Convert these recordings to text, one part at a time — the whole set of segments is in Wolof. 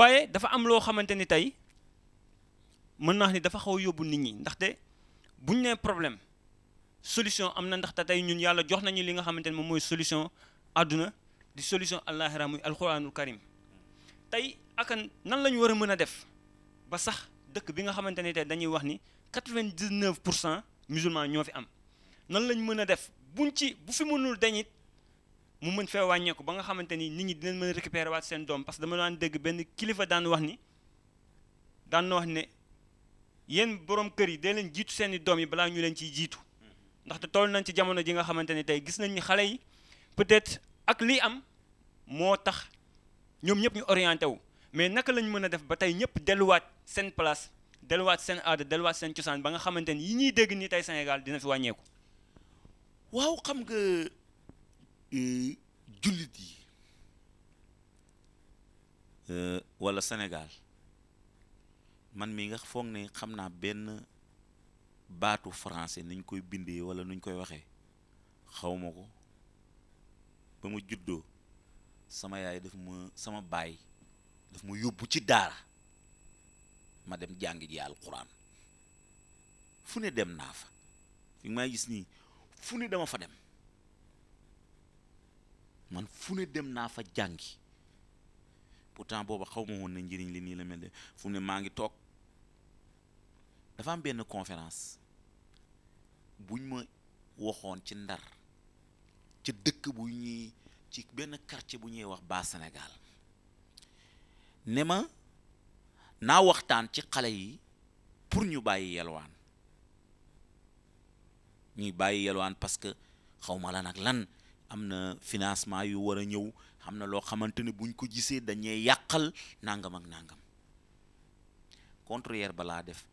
waaye dafa am loo xamante ni tey mën naa ni dafa xaw a yóbbu nit ñi ndaxte buñ nee problème solution am na ndaxte tey ñun yàlla jox nañu li nga xamante ni moom mooy solution àdduna di solution allahira muy alquranul karim tey akan nan lañu war a mën a def ba sax dëkk bi nga xamante ni tey dañuy wax ni quatre vingt pour cent musulman ñoo fi am nan lañ mën a def buñ ci bu fi mënul dañit mu mën fee wàññeeku ba nga xamante ni nit ñi dinañ mën a récupérer waat seen doom parce que dama daan dégg benn kilifa daan wax ni daan na wax ne yéen borom kër yi dee leen jiitu seen i doom yi balaa ñu leen ciy jiitu ndaxte toll nañ ci jamono ji nga xamante ni tey gis nañ ni xale yi peut-être ak li am moo tax ñoom ñëpp ñu orienté wu mais naka lañ mën a def ba tey ñëpp delluwaat seen place delluwaat seen aada delluwaat seen cosaan ba nga xamante ni yi ñuy dégg ni tey Sénégal dina fi wàññeeku waaw xam nga jullit yi euh, walla Sénégal man mii nga foog ne xam naa benn baatu français niñ koy bindee walla nuñ koy waxee xawma ko ba ma juddoo sama yaay daf ma sama baay daf ma yóbbu ci daara ma dem jàngi ji alquran fu ne dem naa fa fi may gis nii fu ne dama fa dem man fu dem naa fa jàngi pourtant booba xaw ma woon na njëriñ li nii la mel de fu ne maa ngi toog dafa am benn conférence buñ ma waxoon ci ndar ci dëkk bu ñuy ci benn quartier bu ñuy wax baa senegal ne ma naa waxtaan ci xale yi pour ñu bàyyi yelwaan ñuy bàyyi yelwaan parce que xaw ma la nag lan am na financement yu war a ñëw xam na loo xamante ne buñ ko gisee dañuy yàqal nangam ak nangam contraire balaa def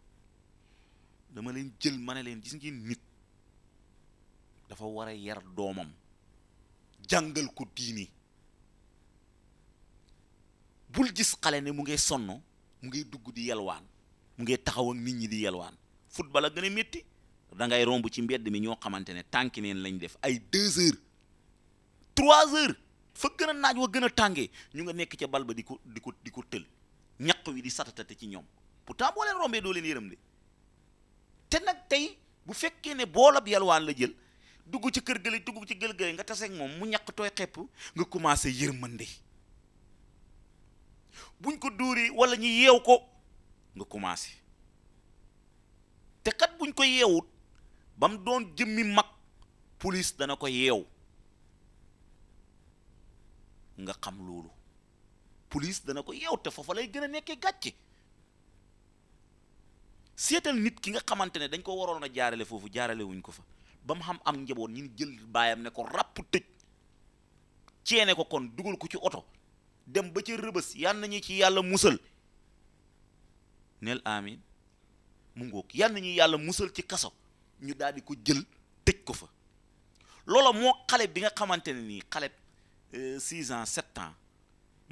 dama leen jël ma ne leen gis ngeen nit dafa war a yar doomam jàngal ko diini bul gis xale ne mu ngay sonn mu ngay dugg di yelwaan mu ngay taxaw ak nit ñi di yelwaan football a gën a métti da ngay romb ci mbedd mi ñoo xamante ne tànki neen lañ def ay deux trois heures fa gën naaj wa gën a tàngee ñu nga nekk ca bal ba di ko di ko di ko tël ñaq wi di satatate ci ñoom pourtant boo leen rombee doo leen yërëm de te nag tey bu fekkee ne boolab yalwaan la jël dugg ci kër gële dugg ci gël gële nga taseeg moom mu ñaq tooy xepp nga commencé yërmande buñ ko dóoree walla ñu yeew ko nga commencé te kat buñ ko yeewut ba doon jëmmi mag police dana ko yeew nga xam loolu police dana ko yew te foofa lay gën a nekkee gàcce seetal nit ki nga xamante ne dañ koo waroon a jaarale foofu jaarale wuñ ko fa ba mu xam am njaboot ñi jël baayam ne ko ràpp tëj ceene ko kon dugal ko ci oto dem ba ca rëbës yal nañu ci yàlla musal neel amin mu ngoog yal nañu yàlla musal ci kaso ñu daal di ko jël tëj ko fa loola moo xale bi nga xamante ne nii xale Euh, six ans sept ans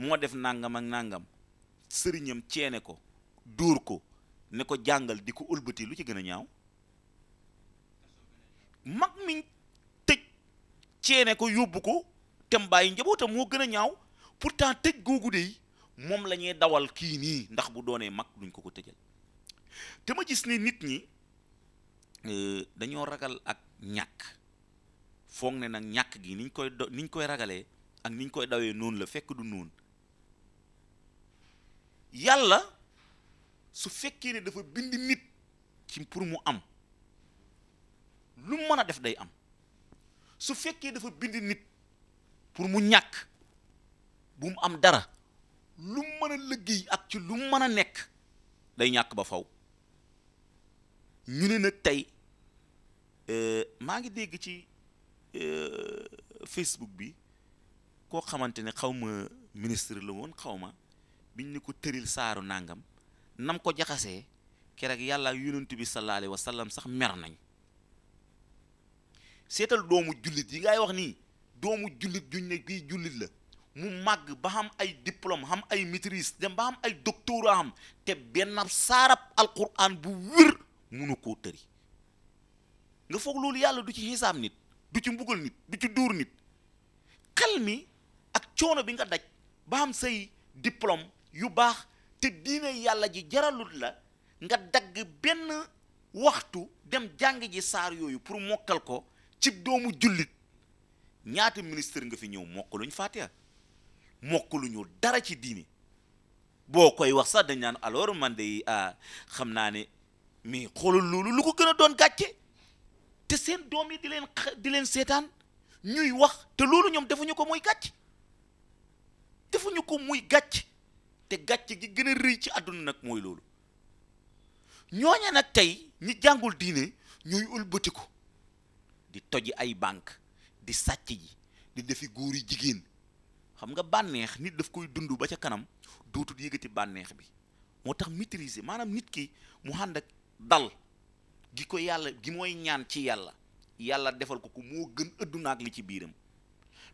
moo def nangam ak nangam sëriñam ceene ko dóor ko ne ko jàngal di ko ëlbati lu ci gën a ñaaw mag mi tëj ceene ko yóbbu ko tem bàyyi njabootam moo gën a ñaaw pour pourtant tëj googu de moom la ñuy dawal kii nii ndax bu doonee mag luñ ko ko tëjal te ma gis ni nit ñi euh, dañoo ragal ak ñàkk foog ne nag ñàkk gi niñ koy do niñ koy ragalee ak niñ koy dawee noonu la fekk du noonu yàlla su fekkee ne dafa bind nit ci pour mu am lu mën a def day am su fekkee dafa bind nit pour mu ñàkk bu mu am dara lu mën a liggéey ak ci lu mën a nekk day ñàkk ba faw ñu ne nag tey euh, maa ngi dégg ci euh, Facebook bi koo xamante ne xaw ma ministre la woon xaw ma biñ ne ko tëril saaru nangam nam ko jaxasee keroog yàlla ak yonent bi sallallahu alayhi sax mer nañ seetal doomu jullit yi ngay wax nii doomu jullit juñ ne kii jullit la mu màgg ba xam ay diplôme xam ay maîtrise dem ba xam ay doctorat am te benn saarab alquran bu wér munu koo tëri nga foog loolu yàlla du ci xisaab nit du ci mbugal nit du ci duur nit xel mi coono bi nga daj baam say diplôme yu baax te diine yàlla ji jaralut la nga dagg benn waxtu dem jàng ji saar yooyu pour mokkal ko ci doomu jullit ñaata ministre nga fi ñëw mokkaluñ Fatiha mokkaluñu dara ci diine boo koy wax sa dañ naan alors man de ah, xam naa ne mais xoolal loolu lu ko gën a doon gàcce te seen doom yi di leen di leen seetaan ñuy wax te loolu ñoom defuñu ko mooy gàcc defuñu ko muy gàcc te gàcc gi gën a rëy ci àdduna nag mooy loolu ñooña nag tey ñi jàngul diine ñooy ko di toji ay banque di sàcc ji di defi góor yi jigéen xam nga bànneex nit daf koy dund ba ca kanam dootul yëgati bànneex bi moo tax maîtriser maanaam nit ki mu ànd ak dal gi ko yàlla gi mooy ñaan ci yàlla yàlla defal ko ko moo gën ëddunaak li ci biiram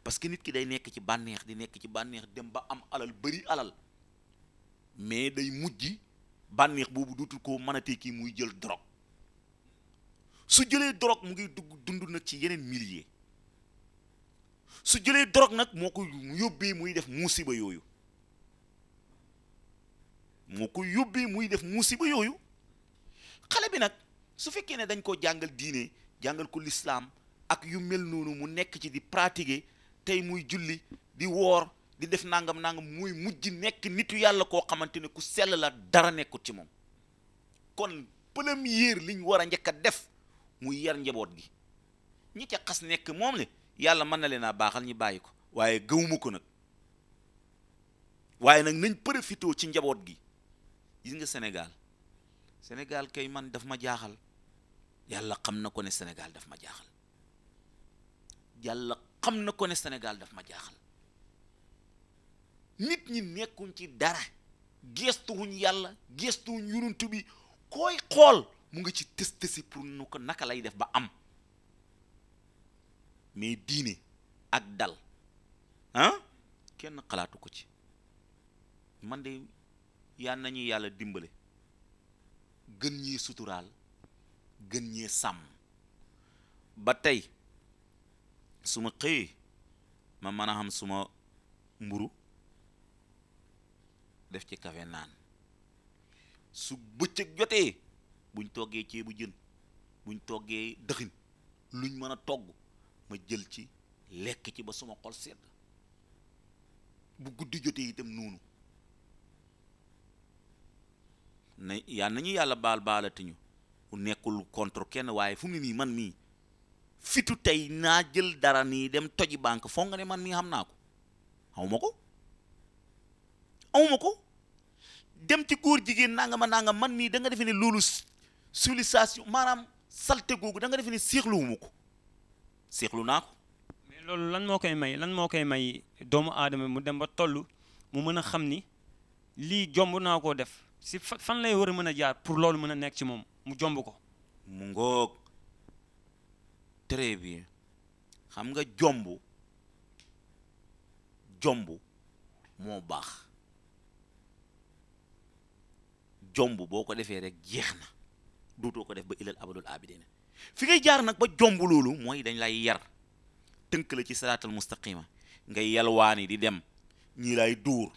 parce que nit ki day nekk ci bànneex di nekk ci bànneex dem ba am alal bëri alal mais day mujj bànneex boobu dootul ko mënatee kii muy jël drogue su jëlee drogue mu ngi dugg dund nag ci yeneen milliers su jëlee drogue nag moo ko yóbbee muy def musiba yooyu moo ko yóbbee muy def musiba yooyu xale bi nag su fekkee ne dañ koo jàngal diine jàngal ko lislaam ak yu mel noonu mu nekk ci di pratiquer tey muy julli di woor di def nangam nangam muy mujj nekk nitu yàlla koo xamante ne ku sell la dara nekkut ci moom kon première liñ war a njëkk def muy yar njaboot gi ñi ca xas nekk moom le yàlla mën na leen a baaxal ñu bàyyi ko waaye gëwuma ko nag waaye nag nañ profité ci njaboot gi gis nga senegal senegal kay man daf ma jaaxal yàlla xam na ko ne Sénégal daf ma jaaxal yàlla xam na ko ne Sénégal daf ma jaaxal nit ñi nekkuñ ci dara geestuwuñ yàlla geestuwuñ yuruntu bi koy xool mu ngi ci tës tësi pour nu ko naka lay def ba am mais diine ak dal ah kenn xalaatu ko ci man de yaa nañu yàlla dimbale gën ñee suturaal gën ñee sàmm ba tey su ma xëyee ma mën a xam suma mburu def ci kafe naan su bëccëg jotee buñ toggee ceebu jën buñ toggee dëxin luñ mën a togg ma jël ci lekk ci ba suma xol sedd bu guddi jotee itam noonu na yaa nañu yàlla baal baalatiñu ku nekkul contre kenn waaye fu mu ne nii man mii fitu tey naa jël dara nii dem toji banque foog nga ne man mii xam naa ko ma ko amuma ko dem ci góor jigéen nangama nangam man mii da nga defe ne loolu civilisation maanaam salte googu da nga defe ne seexluwuma ko seexlu naa ko mais loolu lan moo koy may lan moo koy may doomu aadama mu dem ba toll mu mën a xam ni lii jomb naa koo def si fan lay war a mën a jaar pour loolu mën a nekk ci moom mu jomb ko mu ngoog très bien xam nga jombu jombu moo baax jombu boo ko defee rek jeex na duutoo ko def ba ilal abadul abidina fi ngay jaar nag ba jomb loolu mooy dañ lay yar tënk la ci saraatal mustaqima ngay yalwaani di dem ñii lay duur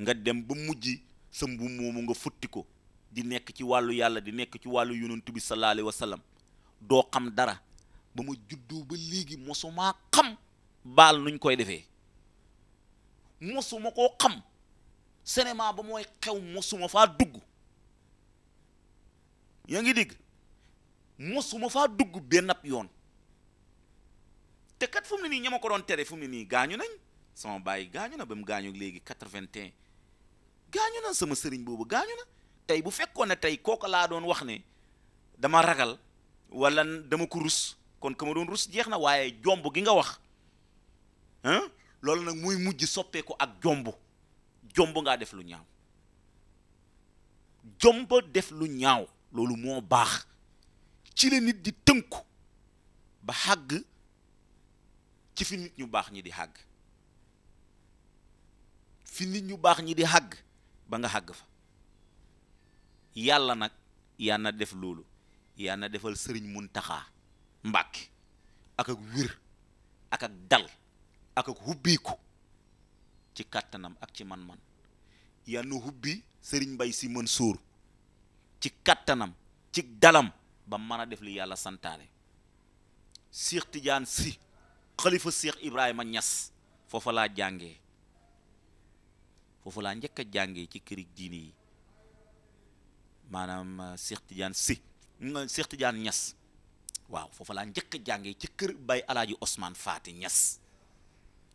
nga dem ba mujj sa mbubb moomu nga futti ko di nekk ci wàllu yàlla di nekk ci wàllu yonantu bi sallallahu alayhi wa sallam doo xam dara ba ma juddu ba léegi mosuma xam baal nuñ koy defee mosuma koo xam cinéma ba mooy xew mosuma faa duggu yaa ngi dégg mosuma faa dugg benn ab yoon te kat fu nii ña ma ko doon tere fu mu nii gaañu nañ sama bàyyi gaañu na ba mu gaañu léegi quatre vingt gaañu na sama sëriñ boobu gaañu na tey bu fekkoon ne tey kooku laa doon wax ne dama ragal walla dama kurus kon ka ma doon rus jeex na waaye jomb gi nga wax loolu nag muy mujj soppeeku ak jomb jomb ngaa def lu ñaaw jomb def lu ñaaw loolu moo baax ci la nit di tënku ba xàgg ci fi nit ñu baax ñi di xàgg fi nit baax ñi di xàgg ba nga xagg fa yàlla nag yaa na def loolu yaa na defal sëriñ mun taxaa mbake ak ak wir ak ak dal ak ak hubiku ci katanam ak ci man-man ya nu hubbi serigne bay si Mansour ci katanam ci dalam ba mana def li yalla santaane Cheikh Tidiane si khalifa Cheikh Ibrahima Niass fofu la jàngee fofu la njëkk a ci këri diini manam Cheikh eh, Tidiane si Cheikh Tidiane Niass waaw foofa laa njëkk a jàngee ci kër bay alaaji Ousmane Faati Ñas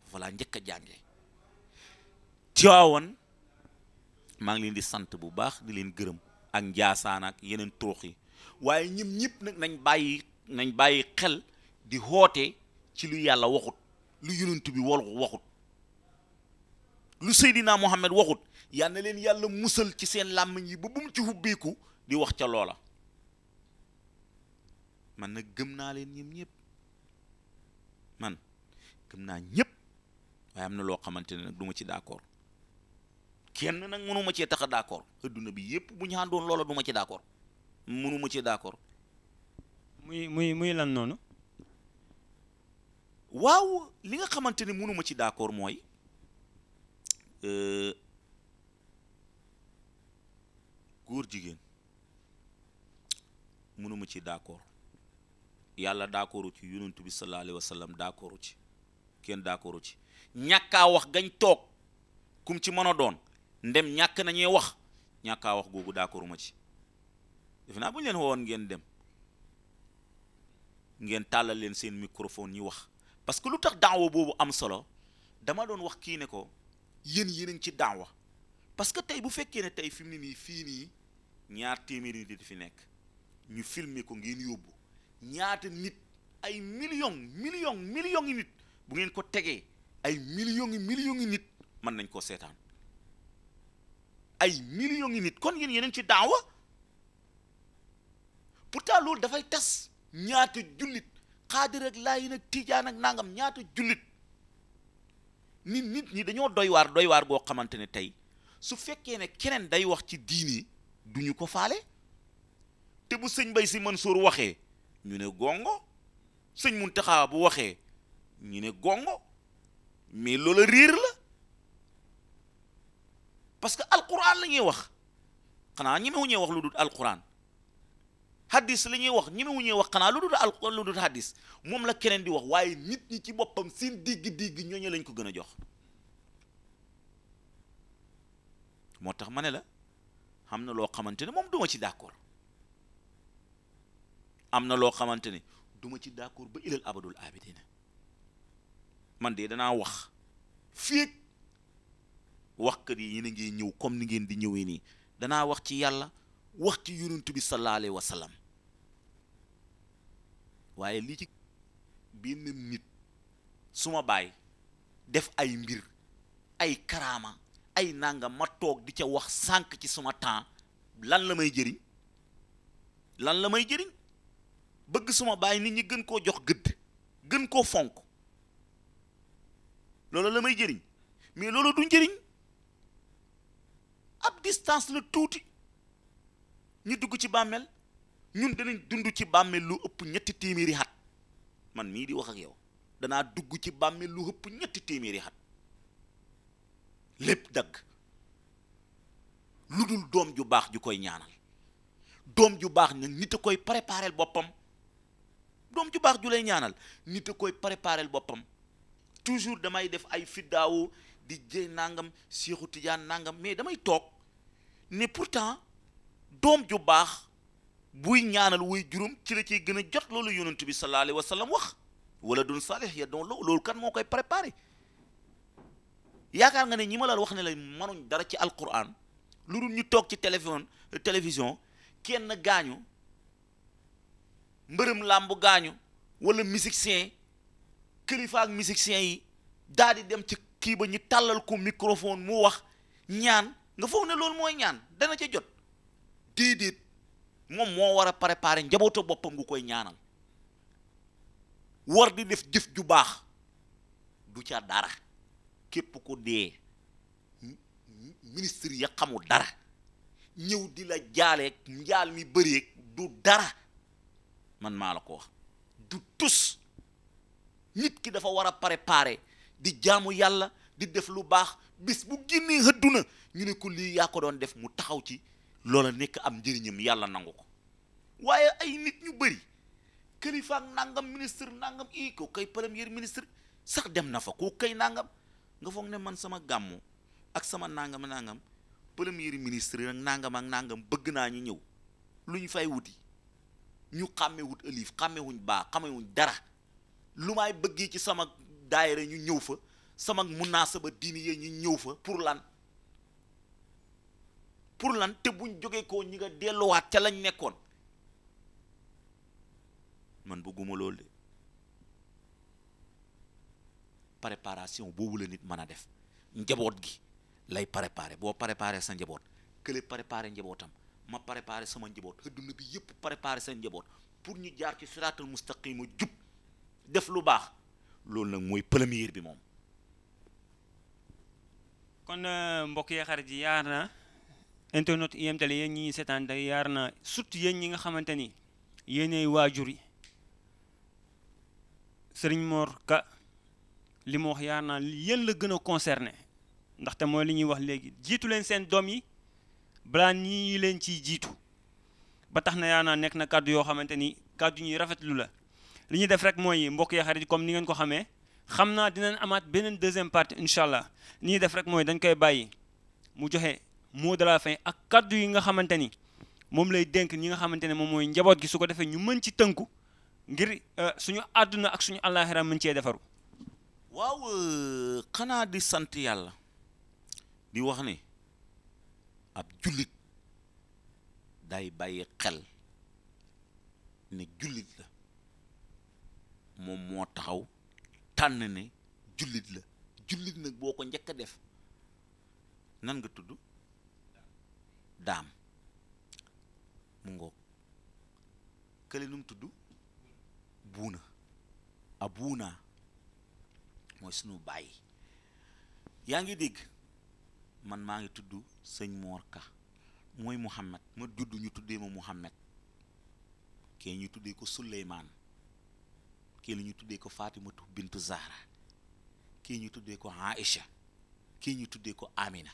foofa laa njëkk a jàngee Tiwaawan maa ngi leen di sant bu baax di leen gërëm ak Njaasaan yeneen toox yi waaye ñim ñëpp nag nañ bàyyi nañ bàyyi xel di xoote ci lu yàlla waxut lu yonent bi wol waxut lu Seydina Muhammad waxut yal na leen yàlla musal ci seen làmmiñ yi ba bu mu ci hubbeeku di wax ca loola man nag gëm naa leen ñoom ñëpp man gëm naa ñëpp a am na loo xamante ne nag du ma ci d'accord kenn nag mënuma cee tax a d'accord adduna bi yëpp bu ñu àndoon loola du ma ci d'accord mënuma cee d'accord. muy muy muy lan noonu. waaw li nga xamante ne mënuma ci d'accord mooy euh, góor jigéen mënuma ci d'accord. yàlla d'accordu ci yonentu bi sallallahu alayhi wa sallam d'accordu ci kenn d'accordu ci ñàkkaa wax gañ toog kum ci mën a doon ndem ñàkk nañuy wax ñàkkaa wax googu d'accordu ma ci defe naa bu leen woon ngeen dem ngeen tàllal leen seen microphone ñi wax parce que lu tax daawa boobu am solo dama doon wax kii ne ko yéen yéen ci daawa parce que tey bu fekkee ne tey fi nii fii nii ñaar téeméeri nit di fi nekk ñu filmer ko ngeen yóbbu ñaata nit ay millions millions millions yi nit bu ngeen ko tegee ay millions yi millions yi nit mën nañ koo seetaan ay millions yi nit kon yéen yeneen ci daawa pourtant loolu dafay tas ñaata jullit xaadir ak nag ak tijaan ak nangam ñaata jullit nit nit ñi dañoo doy waar doy waar goo xamante ne tey su fekkee ne keneen day wax ci diini duñu ko faale te bu sëñ Bay Si Mansuur waxee ñu ne gongo sëñ Muntaxa bu waxee ñu ne gongo mais loola riir la parce que alquran la ñuy wax xanaa ñemewu ñee wax lu dul alquran hadis la ñuy wax ñemewu ñee wax xanaa lu dul alqu lu dul hadis moom la keneen di wax waaye nit ñi ci boppam seen digg-digg ñooñu lañ ko gën a jox moo tax ma ne la xam na loo xamante ne moom duma ci d'accord am na loo xamante ne du ci d'accord ba ilal abadul abidina man de danaa wax fii waxkat yi yéen a ngi ñëw comme ni ngeen di ñëwee nii danaa wax ci yàlla wax ci yonent bi sallallahu alayhi wa waaye li ci benn nit suma baay def ay mbir ay karaama ay nanga ma toog di ca wax sànq ci suma temps lan la may jëriñ lan la may jëriñ bëgg suma baay nit ñi gën koo jox gëdd gën koo fonk loolu la may jëriñ mais loolo du njëriñ ab distance la tuuti ñu dugg ci bàmmeel ñun danañ dund ci bàmmeel lu ëpp ñetti téeméeri xat man mii di wax ak yow danaa dugg ci bàmmeel lu ëpp ñetti téeméeri xat lépp dagg lu dul doom ju baax ju koy ñaanal doom ju baax nag nit a koy prépareel boppam doom ju baax ju lay ñaanal nit a koy préparel boppam toujours damay def ay fiddaawu di jëy nangam Seexu Tijaan nangam mais damay toog ne pourtant doom ju baax buy ñaanal wuy juróom ci la ciy gën a jot loolu yonent bi sallallahu alayhi wa wax wala doon saalih ya doon loolu kan moo koy préparé yaakaar nga ne ñi ma la wax ne la mënuñ dara ci alquran lu dul ñu toog ci téléphone télévision kenn gaañu mbërëm làmbu gaañu wala musicien kilifa ak musicien yi daal dem ci kii ba ñu tàllal ko microphone mu wax ñaan nga foog ne loolu mooy ñaan dana ca jot déedéet moom moo war a préparer njabootu boppam gu koy ñaanal war di def jëf ju baax du ca dara képp ku dee ministre ya xamul dara ñëw di la jaaleeg jaal mi bëreeg du dara man maa la ko wax du tus nit ki dafa war a pare di jaamu yàlla di def lu baax bis bu génnee hëdduna ñu ne ku lii yaa ko doon def mu taxaw ci loola nekk am njëriñam yàlla nangu ko waaye ay nit ñu bëri kilifa ak nangam ministre nangam i ko kay premier ministre sax dem na fa ko kay nangam nga foog ne man sama gàmmu ak sama nangam nangam premier ministre ak nangam ak nangam bëgg naa ñu ñëw lu ñu fay wuti ñu xàmmewut ëlif xàmmewuñ baa xàmmewuñ dara lu maay bëggee ci sama daayira ñu ñëw fa sama munaasaba diini yee ñu ñëw fa pour lan pour lan te buñ jógee ko ñi nga delluwaat ca lañ nekkoon man bëgguma lool de préparation boobu la nit mën a def njaboot gi lay préparer boo préparer sa njaboot kële préparer njabootam ma préparé sama njaboot adduna bi yëpp préparé seen njaboot pour ñu jaar ci siraatul mustaqima jub def lu baax loolu nag mooy premier bi moom kon euh, mbokk yi xarit yi yaar na internet IM Télé yéen ñi seetaan day yaar na surtout yéen ñi nga xamante ni yéenay waajur yi sëriñ Mor li mu wax yaar naa yéen la gën a concerné ndaxte mooy li ñuy wax léegi jiitu leen seen doom yi balaa ñii leen ci jitu ba tax na yaa nek na kaddu yo xamanteni kaddu ñi rafet lu la li ñi def rek moy mbokk ya xarit comme ni ngeen ko xamé xamna dinañ amaat benen deuxième partie inshallah allah def rek moy dañ koy bayyi mu joxe mot de la fin ak kaddu yi nga xamanteni mom lay denk ñi nga xamanteni mom moy njabot gi su ko ñu mën ci teunku ngir euh, suñu aduna ak suñu alakhirah mën ci defaru waaw euh, xana di sante yalla di wax ni ab jullit day bàyyi xel ne jullit la moom moo taxaw tànn ne jullit la jullit nag boo ko njëkk a def nan nga tudd daam mu ngoog kële nu mu tudd buuna abuuna mooy sunu bàyyi yaa ngi dégg man maa ngi tudd sëñ Mor mooy Mouhamed ma judd ñu tuddee ma Mouhamed kee ñu tuddee ko Souleymane kii la ñu tuddee ko Fatimatu Bintu Zahra kii ñu tuddee ko Aïcha kii ñu tuddee ko Amina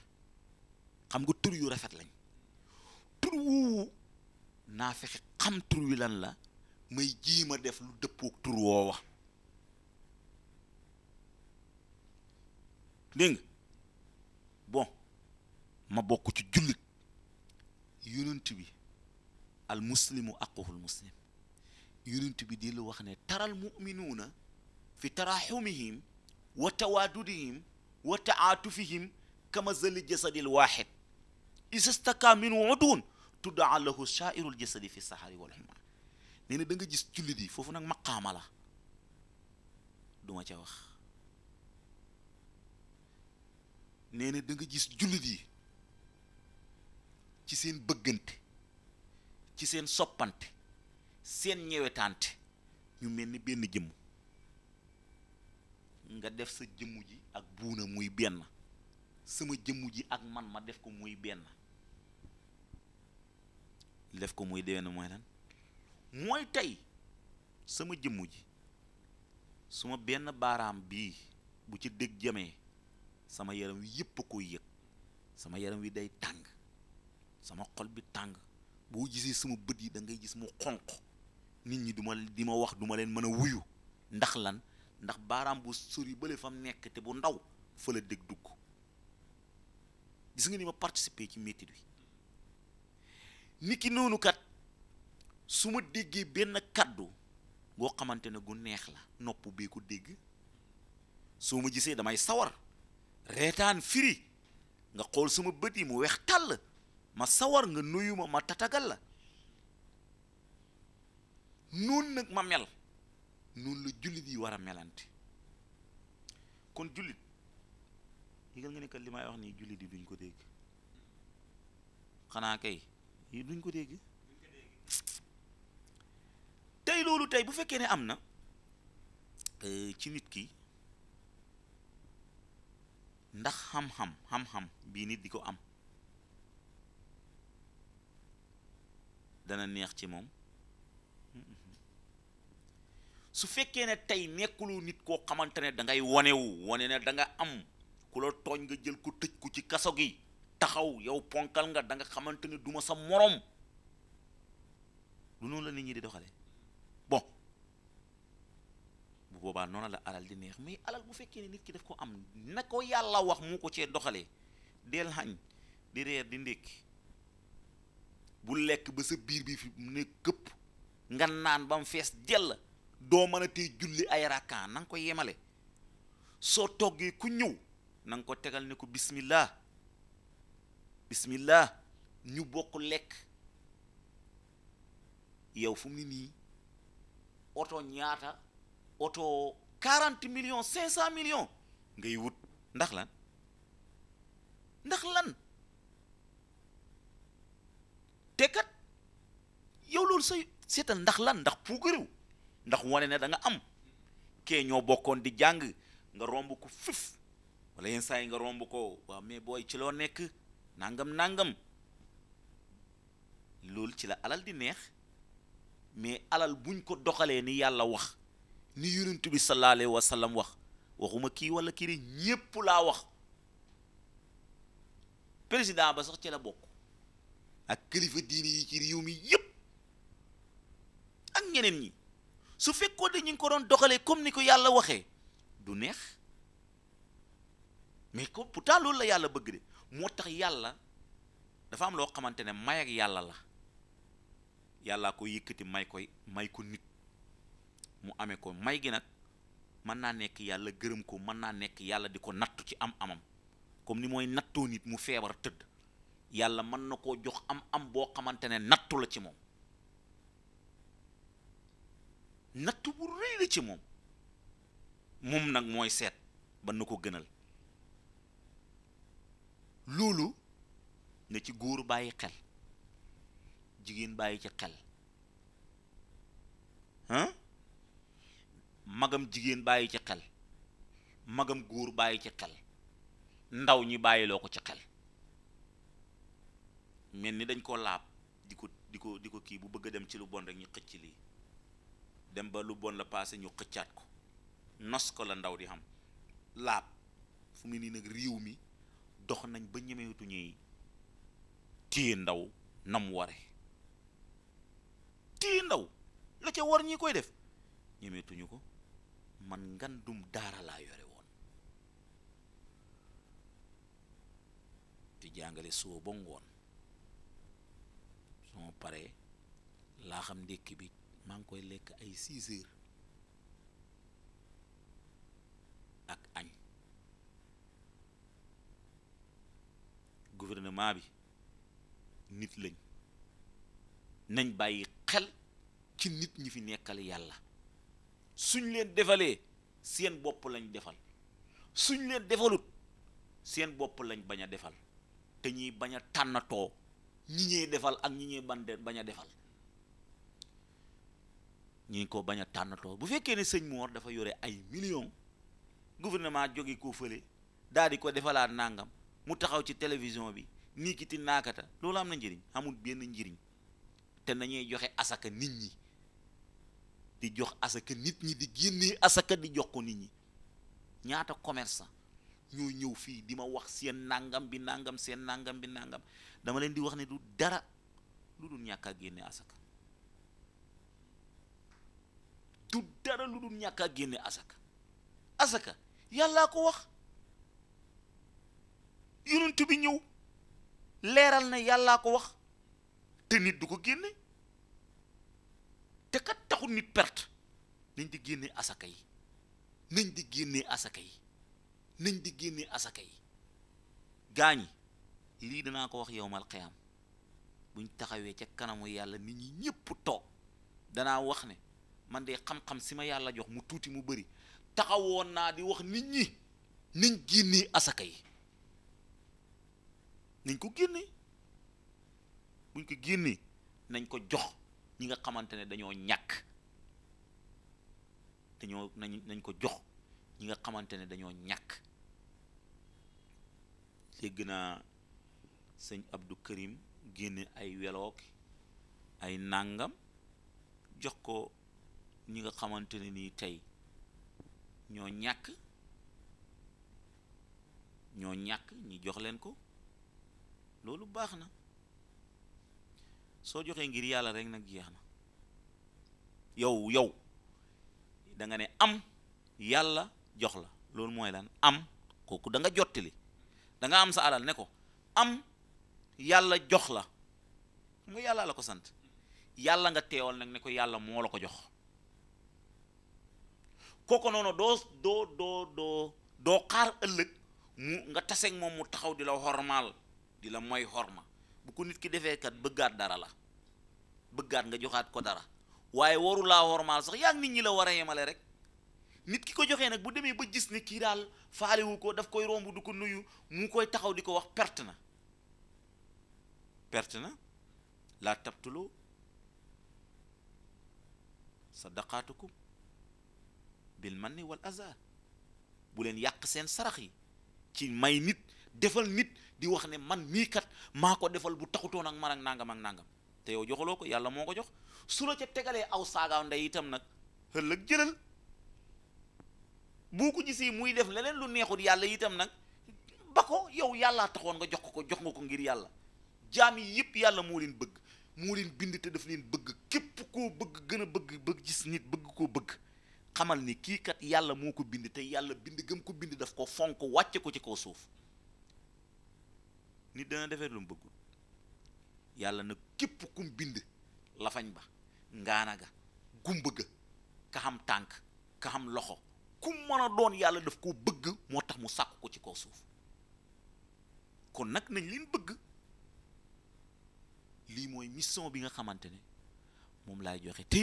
xam nga tur yu rafet lañ tur woowu naa fexe xam tur wi lan la may jiima def lu dëppook tur woowa dégg bon ma bokk ci jullit yonent bi al muslimu aquhul muslim yonent bi di lu wax ne taral muminuuna fi taraxumihim wa tawaadudihim wa taatufihim kama zali jasadil waaxid isastaka min udun tuddaa lahu shaairul jasadi fi sahari wal xuma nee na da nga gis jullit yi foofu nag maqaama la duma ca wax nee na da nga gis jullit yi ci seen bëggante ci seen soppante seen ñewetaante ñu mel ni benn jëmm nga def sa jëmm ji ak buuna muy benn sama jëmm ji ak man ma def ko muy benn def ko muy déwén mooy lan mooy tey sama jëmm ji suma benn baaraam bii bu ci dégg jamee sama yaram wi yépp a koy yëg sama yaram wi day tàng sama xol bi tang bo gisee sama beut yi da ngay gis mu xonk nit ñi duma di ma wax duma len meuna wuyu ndax lan ndax baram bu suri fam nekk te bu ndaw fa la dég gis nga ni ma participer ci metti bi niki nonu kat suma ma ben kaddu goo xamantene gu neex la nopp bi ko dégg suma damay sawar retan firi nga xol sama bët yi mu wex tal ma sawar nga nuyu ma ma tatagal la noonu nag ma mel noonu la jullit yi war a melante kon jullit yëgal nga ne kat li may wax nii jullit yi duñ ko dégg xanaa kay yi duñ ko dégg tey loolu tey bu fekkee ne am na eh, ci nit ki ndax xam-xam xam-xam bii nit di ko am dana neex ci moom su fekke ne tay nekkulu nit koo xamantene da ngay wonewu wone ne da nga am ku la togn nga jël ko tejj ko ci kasso gi taxaw yow ponkal nga da nga xamantene duma sa morom lu non la nit ñi di doxale bon bu boba non la alal di neex mais alal bu fekke ne nit ki daf ko am nako yalla wax mu ko cee del hañ di reer di bu lekk ba sa biir bi fi ne këpp nga naan ba mu fees jël doo mën a tey julli ay rakkaan na nga ko yemale soo toggee ku ñëw na ko tegal ne ko bismillah bismillah ñu bokk lekk yow fu mu nii oto ñaata oto quarante million cinq cent millions ngay wut ndax lan ndax lan te kat yow loolu sa seetal ndax lan ndax puukarew ndax wane ne danga am ke ñoo bokkoon di jàng nga romb ko fif wala yenn saa yi nga romb ko waaw mais booy ci loo nekk nangam nangam loolu ci la alal di neex mais alal buñ ko doxalee ni yàlla wax ni yonent bi sallallahu alayhi wa sallam wax waxuma kii wala kii ñépp laa wax président ba sax ci la bokk ak kilifa diini yi ci réew mi yëpp ak ñeneen ñi su fekkoo de ñu ngi ko doon doxalee comme ni ko yàlla waxee du neex mais ko pourtant loolu la yàlla bëgg de moo tax yàlla dafa am loo xamante ne may ak yàlla la yàlla ko yëkkati may koy may ko nit mu amee ko may gi nag mën naa nekk yàlla gërëm ko mën naa nekk yàlla di ko nattu ci am amam comme ni mooy nattoo nit mu feebar tëdd yàlla mën na koo jox am am boo xamante ne nattu la ci moom nattu bu rëy la ci moom moom nag mooy seet ba na ko gënal loolu na ci góor bàyyi xel jigéen bàyyi ci xel ah magam jigéen bàyyi ci xel magam góor bàyyi ci xel ndaw ñi bàyyiloo ko ci xel mel ni dañ koo laab di ko di ko di ko kii bu bëgg a dem ci lu bon rek ñu xëcc lii dem ba lu bon la passé ñu xëccaat ko nos ko la ndaw di xam laab fu mu nii nag réew mi dox nañ ba ñemeetu ñuy téye ndaw nam ware téye ndaw la ca war ñi koy def ñemeetuñu ko man ngandum daara laa yore woon di jàngale suba ba ngoon su pare paree laa xam ndékki bi maa ngi koy lekk ay six ak añ gouvernement bi nit lañ nañ bàyyi xel ci nit ñi fi nekkal yàlla suñ leen defalee seen bopp lañ defal suñ leen defalut seen bopp lañ bañ a defal te ñuy bañ a tànnatoo ñi ñee defal ak ñi ñee ban de bañ a defal ñi ko bañ a tànnatoo bu fekkee ne sëñ Mor dafa yore ay millions gouvernement jóge ko fële daal di ko defalaat nangam mu taxaw ci télévision bi nii kiti naakata loolu am na njëriñ amul benn njëriñ te nañuy joxe asaka nit ñi di jox asaka nit ñi di génnee asaka di jox ko nit ñi ñaata commerçant ñoo ñëw fii di ma wax seen nangam bi nangam seen nangam bi nangam dama leen di wax ne du dara lu dul ñàkk a génne asaka du dara lu dul ñàkk a génne asaka asaka yàllaa ko wax yonent bi ñëw leeral na yàllaa ko wax te nit du ko génne te kat taxul nit perte nañ di génne asaka yi nañ di génne asaka yi nañ di génne asaka yi gaañi lii danaa ko wax yowmal qiyaam buñ taxawee ca kanamu yàlla nit ñi ñépp toog danaa wax ne man de xam-xam si ma yàlla jox mu tuuti mu bëri taxawoon naa di wax nit ñi niñ génnee asaka yi niñ ko génnee buñ ko génnee nañ ko jox ñi nga xamante ne dañoo ñàkk dañoo nañ ko jox ñi nga xamante ne dañoo ñàkk naa sëñ Abdou Karim génne ay welook ay nàngam jox ko ñi nga xamante ni nii tey ñoo ñàkk ñoo ñàkk ñi jox leen ko loolu baax na soo joxee ngir yàlla rek nag jeex na yow yow da nga ne am yalla jox la loolu mooy lan am kooku da nga jottali da nga am sa alal ne ko am yàlla jox la mu yàlla la ko sant yàlla nga teewal nag ne ko yàlla moo la ko jox kooku noonu doo doo doo doo doo xaar ëllëg mu nga taseeg moom mu taxaw di la xormaal di la mooy xorma bu ko nit ki defee kat bëggaat dara la bëggaat nga joxaat ko dara waaye waru laa xormaal sax yaa ngi nit ñi la war a yemale rek nit ki ko joxee nag bu demee ba gis ne kii daal faalewu ko daf koy romb du ko nuyu mu koy taxaw di ko wax perte na perte na laa tabtulu sadaqaatukum bil ni wal aza bu leen yàq seen sarax yi ci may nit defal nit di wax ne man mii kat maa ko defal bu taxutoon ak man ak nangam ak nangam te yow joxaloo ko yàlla moo ko jox sula la ca tegalee aw saagaaw ndey itam nag ëllëg jëlal boo ko gisee muy def leneen lu neexut yàlla itam nag ba ko yow yàllaa taxoon nga jox ko ko jox nga ko ngir yàlla jaam yi yëpp yàlla moo leen bëgg moo leen bind te daf leen bëgg képp koo bëgg gën a bëgg bëgg gis nit bëgg koo bëgg xamal ni kii kat yàlla moo ko bind te yàlla bind gëm ko bind daf ko fonk wàcce ko ci kaw suuf nit dana defee lu mu bëggul yàlla nag képp kum bind lafañ ba ngaana ga gum bëgg ka xam tànk ka xam loxo ku mën a doon yàlla daf koo bëgg moo tax mu sàkk ko ci kaw suuf kon nag nañ leen bëgg lii mooy mission bi nga xamante ne moom laay joxe te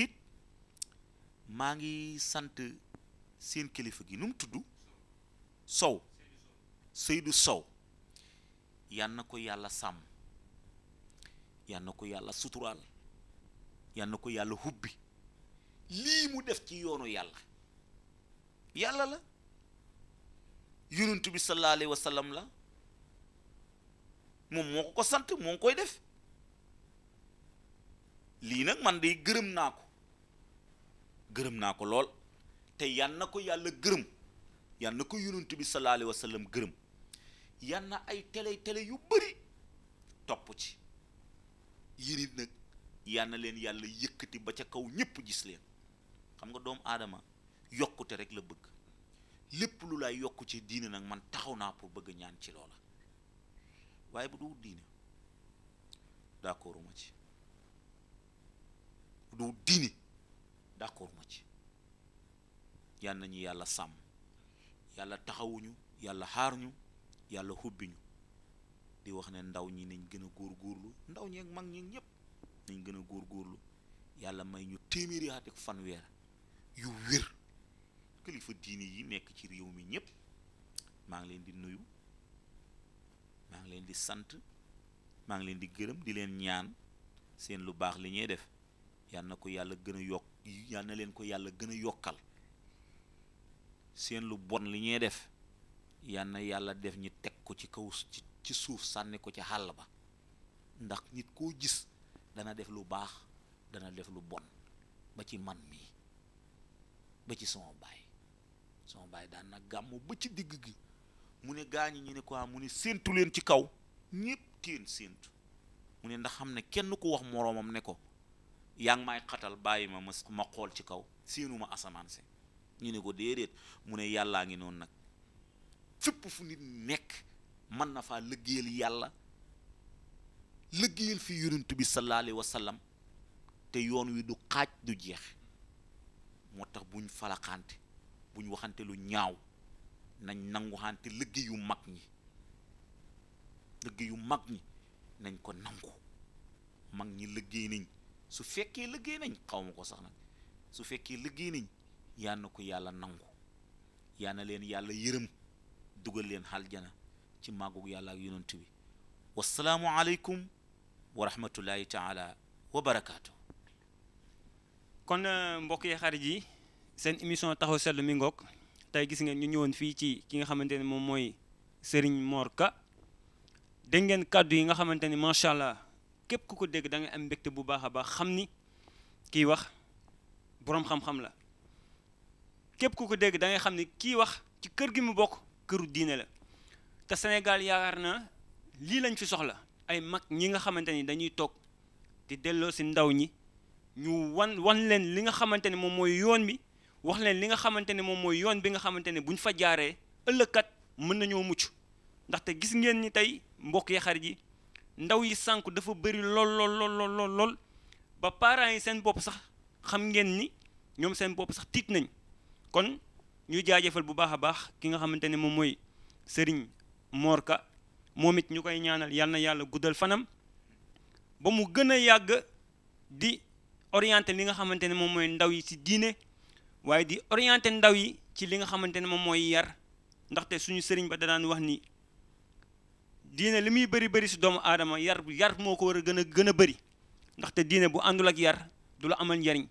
maa ngi sant seen kilifa gi nu mu tudd Sow Seydou Sow yal na ko yàlla sàmm yal na ko yàlla suturaal yal ko yàlla hubbi mu def ci yoonu yàlla yàlla la yonent bi sallallahu alayhi wa la moom moo ko ko sant moo koy def lii nag man de gërëm naa ko gërëm naa ko lool te yan na ko yàlla gërëm yan na ko yonent bi sallallahu alayhi wa gërëm yan na ay télé télé yu bëri topp ci yéen nag yan leen yàlla yëkkati ba ca kaw ñëpp gis leen xam nga doomu aadama yokkute rek la bëgg lépp lu lay yokku ci diine nag man taxaw naa pour bëgg ñaan ci loola waaye bu du diine d'accord ma ci du diine d'accord ma ci yal nañu yàlla sàmm yàlla taxawuñu yàlla xaaruñu yàlla xubbiñu di wax ne ndaw ñi nañ gën a góorlu ndaw ñeek mag ñi ñëpp nañ gën a góorlu yàlla may ñu téeméeri at ak fanweer yu wér kilifa diine yi nekk ci réew mi ñëpp maa ngi leen di nuyu maa ngi leen di sant maa ngi leen di gërëm di leen ñaan seen lu baax li ñuy def yal na ko yàlla gën a yokk yal na leen ko yàlla gën a yokkal seen lu bon li ñuy def yal na yàlla def ñi teg ko ci kaw ci suuf sànni ko ca xàll ba ndax nit koo gis dana def lu baax dana def lu bon ba ci man mii ba ci sama baay sama baay daan na gàmmu ba ci digg gi mu ne gaañi ñu ne quoi ah, mu ne séentu leen ci kaw ñépp teen séentu mu ne ndax xam ne kenn ku wax moroomam ne ko yaa ngi may xatal bàyyi ma ma xool ci kaw seenu ma asamaan si ñu ne ko déedéet mu ne yàllaa ngi noonu nag fépp fu nit nekk mën na faa liggéeyal yàlla liggéeyal fi yonent bi sallallahu alayhi sallam te yoon wi du xaaj du jeex moo tax buñ falaxante buñ waxante lu ñaaw nañ nanguxante liggéey yu mag ñi liggéey yu mag ñi nañ ko nangu mag ñi liggéey nañ su fekkee liggéey nañ xaw ma ko sax nag su fekkee liggéey nañ yal na ko yàlla nangu yal na leen yàlla yërëm dugal leen aljana ci màggug yàlla ak yonent bi wasalaamu aleykum wa taala wa barakaatu. kon euh, mbokk yi xarit yi seen émission taxaw seetlu mi ngoog tey gis ngeen ñu ñëwoon fii ci ki nga xamante ne moom mooy Serigne Mor Ka dégg ngeen kàddu yi nga xamante ni macha allah. képp ku ko dégg da ngay am mbégte bu baax a baax xam ni kii wax boroom xam-xam la képp ku ko dégg dangay xam ni kii wax ci kër gi mu bokk këru diine la te Sénégal yaakaar na lii lañ fi soxla ay mag ñi nga xamante ni dañuy toog di delloo si ndaw ñi ñu wan wan leen li nga xamante ne moom mooy yoon bi wax leen li nga xamante ne moom mooy yoon bi nga xamante ne buñ fa jaaree ëllëg kat mën nañoo mucc ndaxte gis ngeen ni tey mbokk yi xarit yi ndaw yi sànku dafa bëri lool lool lool lool ba parents yi seen bopp sax xam ngeen ni ñoom seen bopp sax tiit nañ kon ñuy jaajëfal bu baax a baax ki nga xamante ne moom mooy sëriñ moorka moom it ñu koy ñaanal yal na yàlla guddal fanam ba mu gën a yàgg di orienté li nga xamante ne moom mooy ndaw yi ci diine waaye di oriente ndaw yi ci li nga xamante ne moom mooy yar ndaxte suñu sëriñ ba da daan wax nii diine limi bari bari ci doomu adama yar yar moko wara gëna gëna bari ndax diine bu andul ak yar du la amal njariñ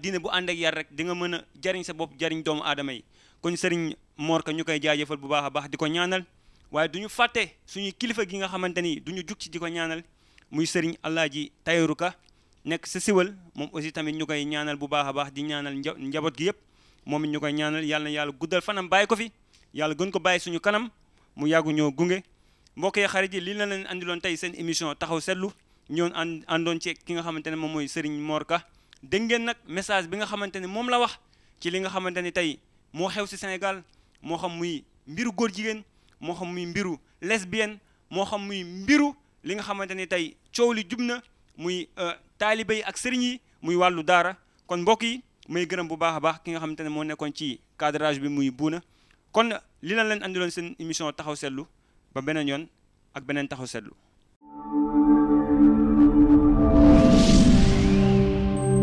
diine bu ànd ak yar rek di nga mëna jariñ sa bop jariñ doomu adama yi kuñ sëriñ mor ka ñukay jaajeufal bu baaxa baax di ñaanal waye duñu fàtte suñu kilifa gi nga xamanteni duñu juk ci di ñaanal muy sëriñ allaaji tayeru ka nekk sa siwal mom aussi tamit ñukay ñaanal bu baaxa baax di ñaanal njabot gi yëpp moom ñukay ñaanal yalla na guddal fanam bàyyi ko fi yalla gën ko suñu kanam mu yagu ñoo gunge mbokk yi xarit yi lii la leen andiloon tey seen émission taxaw seetlu ñoon and àndoon ci ki nga xamante ne moom mooy Serigne Mor Ka dégg ngeen nag message bi nga xamante ne moom la wax ci li nga xamante ne tey moo xew si Sénégal moo xam muy mbiru góor jigéen moo xam muy mbiru lesbienne moo xam muy mbiru li nga xamante ne tey coow li jub na muy euh, taalibe yi ak sëriñ yi muy wàllu daara kon mbokk yi may gërëm bu baax a baax ki nga xamante ne moo nekkoon ci cadrage bi muy buuna kon li lan leen andiloon seen émission taxaw seetlu ba beneen yoon ak beneen taxaw seetlu